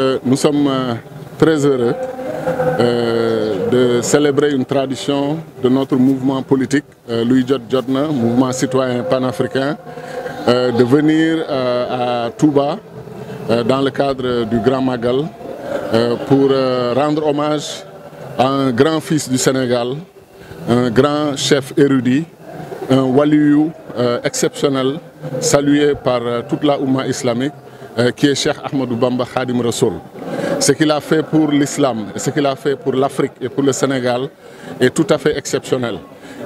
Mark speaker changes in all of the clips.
Speaker 1: Euh, nous sommes euh, très heureux euh, de célébrer une tradition de notre mouvement politique, Louis Jot Jotna, mouvement citoyen panafricain, de venir à Touba dans le cadre du Grand Magal pour rendre hommage à un grand fils du Sénégal, un grand chef érudit, un waliou exceptionnel, salué par toute la Oumma islamique, Euh, qui est Cheikh Ahmadou Bamba Khadim Rassoul. Ce qu'il a fait pour l'islam, ce qu'il a fait pour l'Afrique et pour le Sénégal est tout à fait exceptionnel.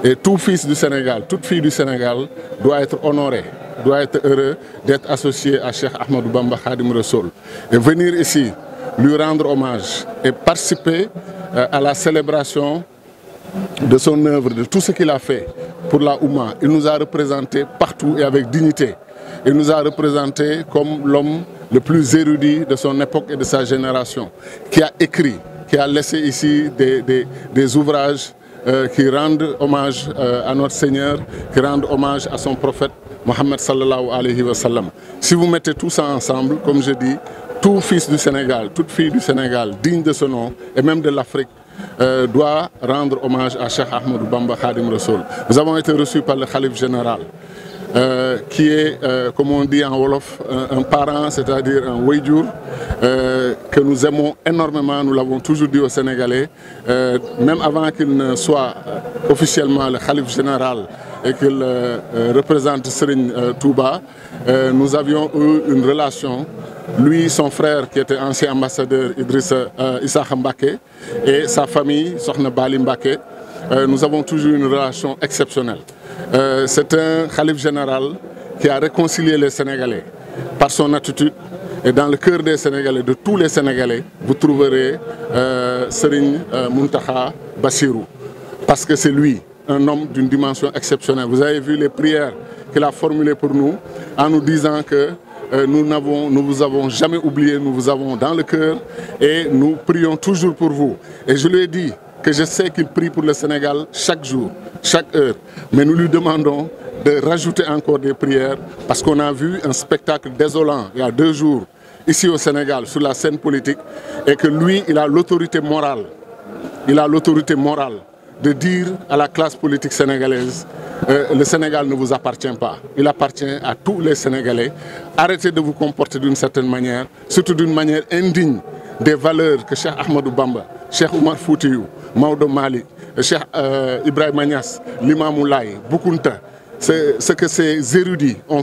Speaker 1: Et tout fils du Sénégal, toute fille du Sénégal doit être honorée, doit être heureux d'être associé à Cheikh Ahmadou Bamba Khadim Rassoul. Et venir ici lui rendre hommage et participer euh, à la célébration de son œuvre, de tout ce qu'il a fait pour la Oumma. Il nous a représentés partout et avec dignité. et nous a représenté comme l'homme le plus érudit de son époque et de sa génération, qui a écrit, qui a laissé ici des, des, des ouvrages euh, qui rendent hommage euh, à notre Seigneur, qui rendent hommage à son prophète Mohammed sallallahu alayhi wa sallam. Si vous mettez tout ça ensemble, comme je dis, tout fils du Sénégal, toute fille du Sénégal, digne de ce nom, et même de l'Afrique, euh, doit rendre hommage à Cheikh Ahmed Bamba Khadim Rasoul. Nous avons été reçus par le Khalif général. euh, qui est, euh, comme on dit en Wolof, un, un parent, c'est-à-dire un Weijour, euh, que nous aimons énormément, nous l'avons toujours dit aux Sénégalais, euh, même avant qu'il ne soit euh, officiellement le calife général et qu'il euh, représente Serigne Touba, nous avions eu une relation lui, son frère qui était ancien ambassadeur Idrissa euh, Mbake et sa famille, Sokhna Bali Mbake, euh, nous avons toujours une relation exceptionnelle. Euh, c'est un Khalif général qui a réconcilié les Sénégalais par son attitude. Et dans le cœur des Sénégalais, de tous les Sénégalais, vous trouverez euh, Serigne euh, Muntaha Bassirou. Parce que c'est lui, un homme d'une dimension exceptionnelle. Vous avez vu les prières qu'il a formulées pour nous en nous disant que euh, nous n'avons, nous vous avons jamais oublié, nous vous avons dans le cœur et nous prions toujours pour vous. Et je lui ai dit, que je sais qu'il prie pour le Sénégal chaque jour, chaque heure. Mais nous lui demandons de rajouter encore des prières parce qu'on a vu un spectacle désolant il y a deux jours ici au Sénégal sur la scène politique et que lui, il a l'autorité morale. Il a l'autorité morale de dire à la classe politique sénégalaise euh, le Sénégal ne vous appartient pas. Il appartient à tous les Sénégalais. Arrêtez de vous comporter d'une certaine manière, surtout d'une manière indigne des valeurs que Cheikh Ahmadou Bamba Cheikh Oumar Foutiyou Maodo Malick Cheikh euh, Ibrahima Niass Limamou Laye Boukounta c'est ce que ces érudits ont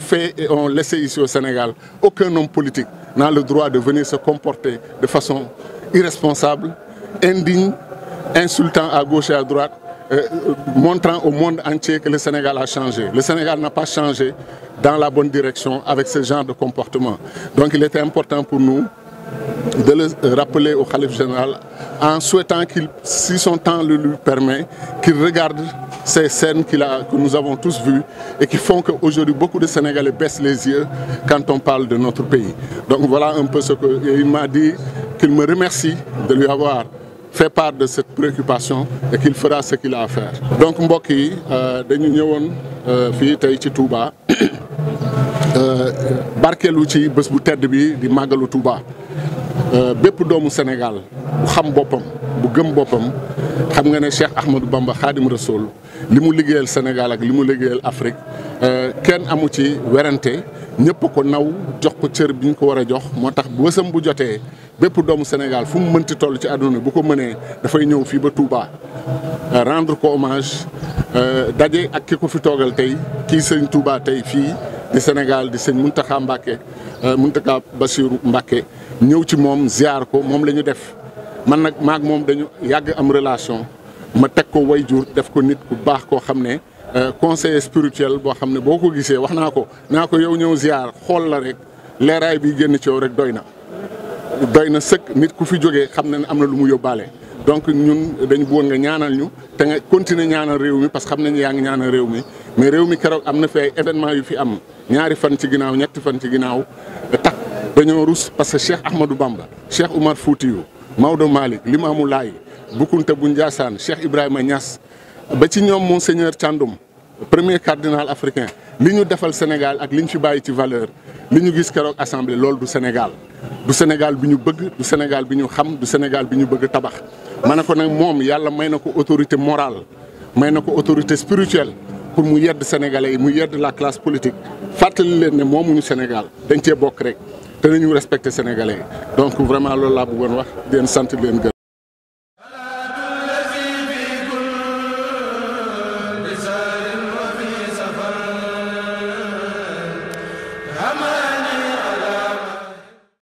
Speaker 1: ont laissé ici au Sénégal aucun homme politique n'a le droit de venir se comporter de façon irresponsable indigne insultant à gauche et à droite euh, euh, montrant au monde entier que le Sénégal a changé. Le Sénégal n'a pas changé dans la bonne direction avec ce genre de comportement. Donc il était important pour nous de le rappeler au calife général en souhaitant qu'il, si son temps le lui permet, qu'il regarde ces scènes qu a, que nous avons tous vues et qui que qu'aujourd'hui beaucoup de Sénégalais baissent les yeux quand on parle de notre pays. Donc voilà un peu ce qu'il m'a dit, qu'il me remercie de lui avoir part de cette préoccupation et qu'il fera ce qu'il a à faire. Donc Mboki, euh, nous sommes ici à Touba. Euh, barkeelu ci bés bu tedd bi di màggalu Touba euh, bépp doomu Sénégal bu xam boppam bu gëm boppam xam nga ne Cheikh Ahmadou Bamba Khadim Rasoul li mu liggéeyal Sénégal ak li mu liggéeyal Afrique euh, kenn amu ci werante ñëpp ko naw jox ko cër bi ñu ko war a jox moo tax bésam bu jotee bépp doomu Sénégal fu mu mënti toll ci àdduna bu ko mënee dafay ñëw fii ba Touba rendre ko hommage daje ak ki ko fi toogal tey kii sëñ Touba tey fii. di Sénégal di sëñ Mountakha Mbacké euh, Mountakha Bassirou Mbacké ñëw ci moom ziar ko moom la ñu def man nag maag moom dañu yàgg am relation ma teg ko way jur def ko nit ku baax koo xam ne euh, conseiller spirituel boo xam ne boo ko gisee wax naa ko naa ko yow ñëw ziar xool la rek leeraay bi génn ci yow rek doy na doy na sëkk nit ku fi jógee xam ne am na lu mu yóbbaale donc ñun dañu bëggoon nga ñaanal ñu te nga continuer ñaanal réew mi parce que xam nañu yaa ngi ñaanal réew mi mais réew mi keroog am na fi ay événement yu fi am ñaari fan ci ginnaaw ñetti fan ci ginnaaw tax dañoo rus parce que Cheikh Ahmadou Bamba Cheikh Oumar Foutiyou Maodo li mu Laye Boukounta bu Ndiassane Cheikh Ibrahima Niass ba ci ñoom monseigneur Thiandoum premier cardinal africain li ñu defal Sénégal ak li ñu fi bàyyi ci valeur li ñu gis keroog assemblée loolu du Sénégal du Sénégal bi ñu bëgg Sénégal bi ñu xam du Sénégal bi ñu bëgg tabax ma ne ko nag moom yàlla may na ko autorité morale may na ko autorité spirituelle pour mu yedd sénégalais yi mu yedd la classe politique fàttali leen ne moomuñu Sénégal dañ cee bokk rek te nañu respecté sénégalais yi donc vraiment loolu laa bëggoon wax di leen sant di